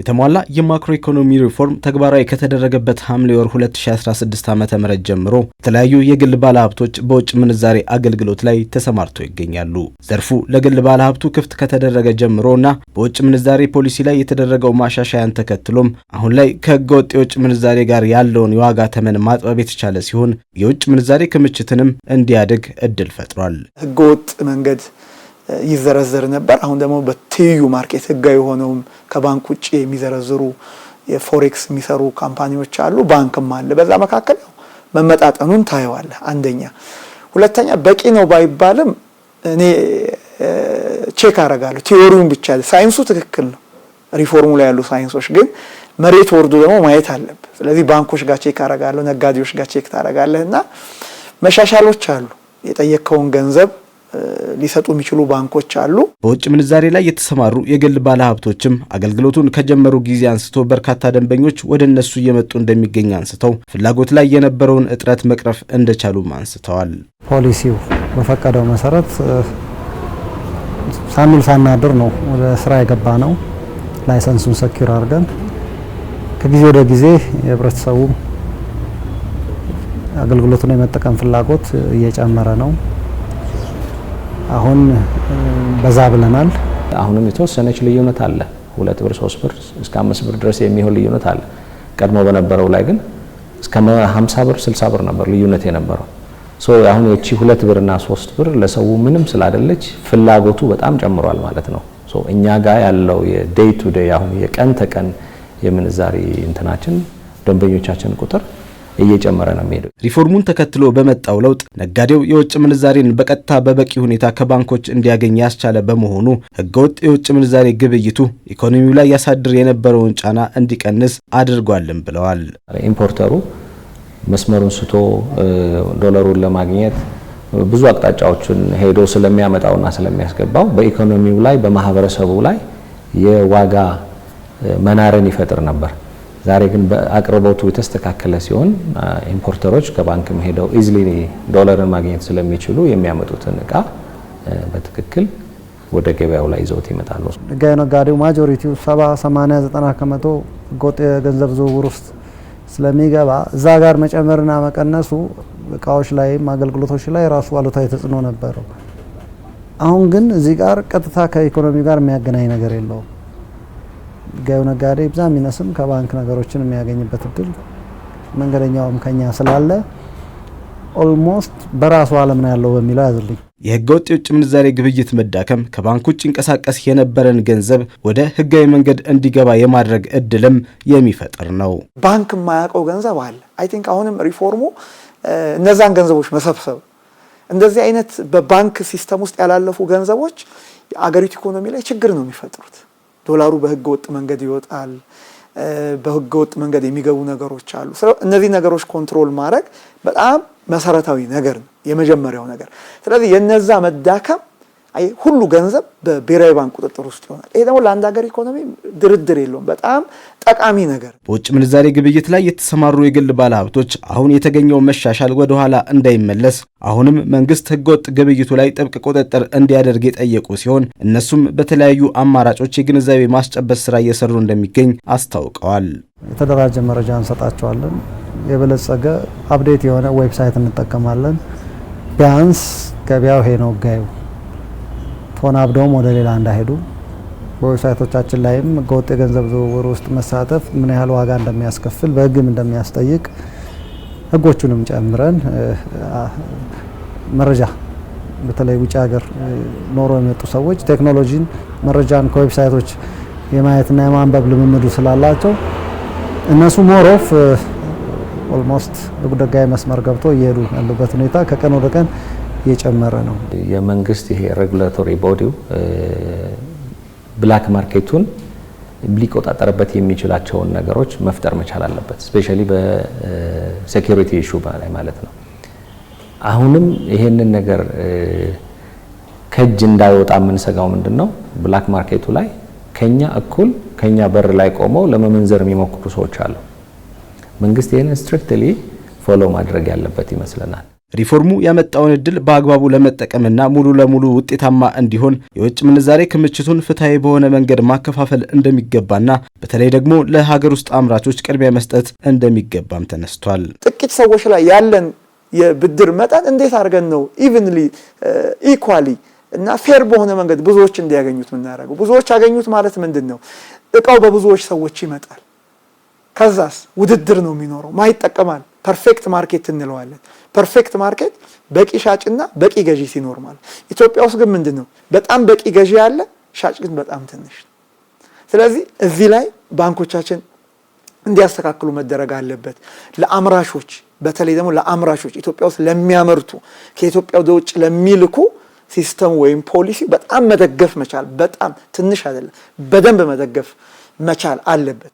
የተሟላ የማክሮ ኢኮኖሚ ሪፎርም ተግባራዊ ከተደረገበት ሐምሌ ወር 2016 ዓ ም ጀምሮ የተለያዩ የግል ባለሀብቶች በውጭ ምንዛሬ አገልግሎት ላይ ተሰማርተው ይገኛሉ። ዘርፉ ለግል ባለሀብቱ ክፍት ከተደረገ ጀምሮ እና በውጭ ምንዛሬ ፖሊሲ ላይ የተደረገው ማሻሻያን ተከትሎም አሁን ላይ ከሕገ ወጥ የውጭ ምንዛሬ ጋር ያለውን የዋጋ ተመን ማጥበብ የተቻለ ሲሆን የውጭ ምንዛሬ ክምችትንም እንዲያድግ እድል ፈጥሯል። ሕገ ወጥ መንገድ ይዘረዘር ነበር። አሁን ደግሞ በትይዩ ማርኬት ህጋዊ የሆነውም ከባንክ ውጭ የሚዘረዝሩ የፎሬክስ የሚሰሩ ካምፓኒዎች አሉ፣ ባንክም አለ። በዛ መካከል መመጣጠኑን ታየዋለህ። አንደኛ። ሁለተኛ በቂ ነው ባይባልም እኔ ቼክ አረጋለሁ። ቲዎሪውን ብቻ ሳይንሱ ትክክል ነው፣ ሪፎርሙ ላይ ያሉ ሳይንሶች ግን መሬት ወርዶ ደግሞ ማየት አለብ። ስለዚህ ባንኮች ጋር ቼክ አረጋለሁ፣ ነጋዴዎች ጋር ቼክ ታረጋለህ እና መሻሻሎች አሉ የጠየቅከውን ገንዘብ ሊሰጡ የሚችሉ ባንኮች አሉ። በውጭ ምንዛሬ ላይ የተሰማሩ የግል ባለሀብቶችም አገልግሎቱን ከጀመሩ ጊዜ አንስቶ በርካታ ደንበኞች ወደ እነሱ እየመጡ እንደሚገኝ አንስተው ፍላጎት ላይ የነበረውን እጥረት መቅረፍ እንደቻሉም አንስተዋል። ፖሊሲው በፈቀደው መሰረት ሳንውል ሳናድር ነው ወደ ስራ የገባ ነው። ላይሰንሱን ሰኪር አድርገን ከጊዜ ወደ ጊዜ የህብረተሰቡ አገልግሎቱን የመጠቀም ፍላጎት እየጨመረ ነው። አሁን በዛ ብለናል። አሁንም የተወሰነች ልዩነት አለ። ሁለት ብር ሶስት ብር እስከ አምስት ብር ድረስ የሚሆን ልዩነት አለ። ቀድሞ በነበረው ላይ ግን እስከ ሀምሳ ብር ስልሳ ብር ነበር ልዩነት የነበረው። ሶ አሁን የቺ ሁለት ብርና ሶስት ብር ለሰው ምንም ስላደለች ፍላጎቱ በጣም ጨምሯል ማለት ነው። ሶ እኛ ጋር ያለው የዴይ ቱ ዴይ አሁን የቀን ተቀን የምንዛሪ እንትናችን ደንበኞቻችን ቁጥር እየጨመረ ነው የሚሄደው። ሪፎርሙን ተከትሎ በመጣው ለውጥ ነጋዴው የውጭ ምንዛሬን በቀጥታ በበቂ ሁኔታ ከባንኮች እንዲያገኝ ያስቻለ በመሆኑ ህገወጥ የውጭ ምንዛሬ ግብይቱ ኢኮኖሚው ላይ ያሳድር የነበረውን ጫና እንዲቀንስ አድርጓልም ብለዋል። ኢምፖርተሩ መስመሩን ስቶ ዶለሩን ለማግኘት ብዙ አቅጣጫዎችን ሄዶ ስለሚያመጣውና ስለሚያስገባው በኢኮኖሚው ላይ በማህበረሰቡ ላይ የዋጋ መናርን ይፈጥር ነበር። ዛሬ ግን በአቅርቦቱ የተስተካከለ ሲሆን ኢምፖርተሮች ከባንክም ሄደው ኢዝሊ ዶላርን ማግኘት ስለሚችሉ የሚያመጡትን እቃ በትክክል ወደ ገበያው ላይ ይዘውት ይመጣሉ። ነጋዴው ማጆሪቲው 70፣ 80፣ 90 ከመቶ ህገወጥ የገንዘብ ዝውውር ውስጥ ስለሚገባ እዛ ጋር መጨመርና መቀነሱ እቃዎች ላይም አገልግሎቶች ላይ ራሱ አሉታዊ ተጽዕኖ ነበረው። አሁን ግን እዚህ ጋር ቀጥታ ከኢኮኖሚ ጋር የሚያገናኝ ነገር የለውም። ጋዩ ነጋዴ ብዛ ሚነስም ከባንክ ነገሮችን የሚያገኝበት እድል መንገደኛውም ከኛ ስላለ ኦልሞስት በራሱ አለም ነው ያለው በሚለው ያዝልኝ። የህገ ወጥ የውጭ ምንዛሬ ግብይት መዳከም ከባንክ ውጭ ይንቀሳቀስ የነበረን ገንዘብ ወደ ህጋዊ መንገድ እንዲገባ የማድረግ እድልም የሚፈጥር ነው። ባንክ የማያውቀው ገንዘብ አለ። አይ ቲንክ አሁንም ሪፎርሙ እነዛን ገንዘቦች መሰብሰብ፣ እንደዚህ አይነት በባንክ ሲስተም ውስጥ ያላለፉ ገንዘቦች አገሪቱ ኢኮኖሚ ላይ ችግር ነው የሚፈጥሩት። ዶላሩ በህገ ወጥ መንገድ ይወጣል። በህገ ወጥ መንገድ የሚገቡ ነገሮች አሉ። እነዚህ ነገሮች ኮንትሮል ማድረግ በጣም መሰረታዊ ነገር ነው፣ የመጀመሪያው ነገር። ስለዚህ የነዛ መዳከም አይ ሁሉ ገንዘብ በብሔራዊ ባንክ ቁጥጥር ውስጥ ይሆናል። ይሄ ደግሞ ለአንድ ሀገር ኢኮኖሚ ድርድር የለውም፣ በጣም ጠቃሚ ነገር። በውጭ ምንዛሬ ግብይት ላይ የተሰማሩ የግል ባለሀብቶች አሁን የተገኘው መሻሻል ወደኋላ እንዳይመለስ አሁንም መንግስት ህገወጥ ግብይቱ ላይ ጥብቅ ቁጥጥር እንዲያደርግ የጠየቁ ሲሆን እነሱም በተለያዩ አማራጮች የግንዛቤ ማስጨበስ ስራ እየሰሩ እንደሚገኝ አስታውቀዋል። የተደራጀ መረጃ እንሰጣቸዋለን። የበለጸገ አፕዴት የሆነ ዌብሳይት እንጠቀማለን። ቢያንስ ገበያው ሄ ነው ጋዩ ፎን አብደውም ወደ ሌላ እንዳይሄዱ በዌብሳይቶቻችን ላይም ህገወጥ የገንዘብ ዝውውር ውስጥ መሳተፍ ምን ያህል ዋጋ እንደሚያስከፍል በህግም እንደሚያስጠይቅ ህጎቹንም ጨምረን መረጃ በተለይ ውጭ ሀገር ኖሮ የመጡ ሰዎች ቴክኖሎጂን መረጃን ከዌብሳይቶች የማየትና የማንበብ ልምምዱ ስላላቸው እነሱ ሞሮፍ ኦልሞስት በጉዳይ መስመር ገብቶ እየሄዱ ያሉበት ሁኔታ ከቀን ወደ ቀን የጨመረ ነው። የመንግስት ይሄ ሬጉላቶሪ ቦዲው ብላክ ማርኬቱን ሊቆጣጠርበት የሚችላቸውን ነገሮች መፍጠር መቻል አለበት። ስፔሻሊ በሴኪሪቲ ኢሹ ላይ ማለት ነው። አሁንም ይሄንን ነገር ከእጅ እንዳይወጣ የምንሰጋው ምንድን ነው? ብላክ ማርኬቱ ላይ ከኛ እኩል ከኛ በር ላይ ቆመው ለመመንዘር የሚሞክሩ ሰዎች አሉ። መንግስት ይህንን ስትሪክትሊ ፎሎ ማድረግ ያለበት ይመስለናል። ሪፎርሙ ያመጣውን እድል በአግባቡ ለመጠቀምና ሙሉ ለሙሉ ውጤታማ እንዲሆን የውጭ ምንዛሬ ክምችቱን ፍትሐዊ በሆነ መንገድ ማከፋፈል እንደሚገባና በተለይ ደግሞ ለሀገር ውስጥ አምራቾች ቅድሚያ መስጠት እንደሚገባም ተነስቷል። ጥቂት ሰዎች ላይ ያለን የብድር መጠን እንዴት አድርገን ነው ኢቭንሊ ኢኳሊ እና ፌር በሆነ መንገድ ብዙዎች እንዲያገኙት የምናደርገው? ብዙዎች ያገኙት ማለት ምንድን ነው? እቃው በብዙዎች ሰዎች ይመጣል። ከዛስ ውድድር ነው የሚኖረው ማይጠቀማል ፐርፌክት ማርኬት እንለዋለን። ፐርፌክት ማርኬት በቂ ሻጭና በቂ ገዢ ሲኖር ማለት። ኢትዮጵያ ውስጥ ግን ምንድን ነው በጣም በቂ ገዢ አለ፣ ሻጭ ግን በጣም ትንሽ። ስለዚህ እዚህ ላይ ባንኮቻችን እንዲያስተካክሉ መደረግ አለበት። ለአምራቾች በተለይ ደግሞ ለአምራቾች ኢትዮጵያ ውስጥ ለሚያመርቱ ከኢትዮጵያ ወደ ውጭ ለሚልኩ ሲስተም ወይም ፖሊሲ በጣም መደገፍ መቻል፣ በጣም ትንሽ አይደለም፣ በደንብ መደገፍ መቻል አለበት።